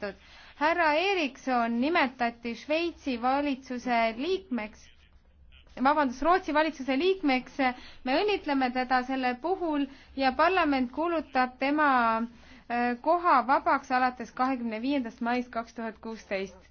võetud. härra Erikson nimetati Šveitsi valitsuse liikmeks, vabandust, Rootsi valitsuse liikmeks. me õnnitleme teda selle puhul ja parlament kuulutab tema eh, koha vabaks alates kahekümne viiendast maist kaks tuhat kuusteist.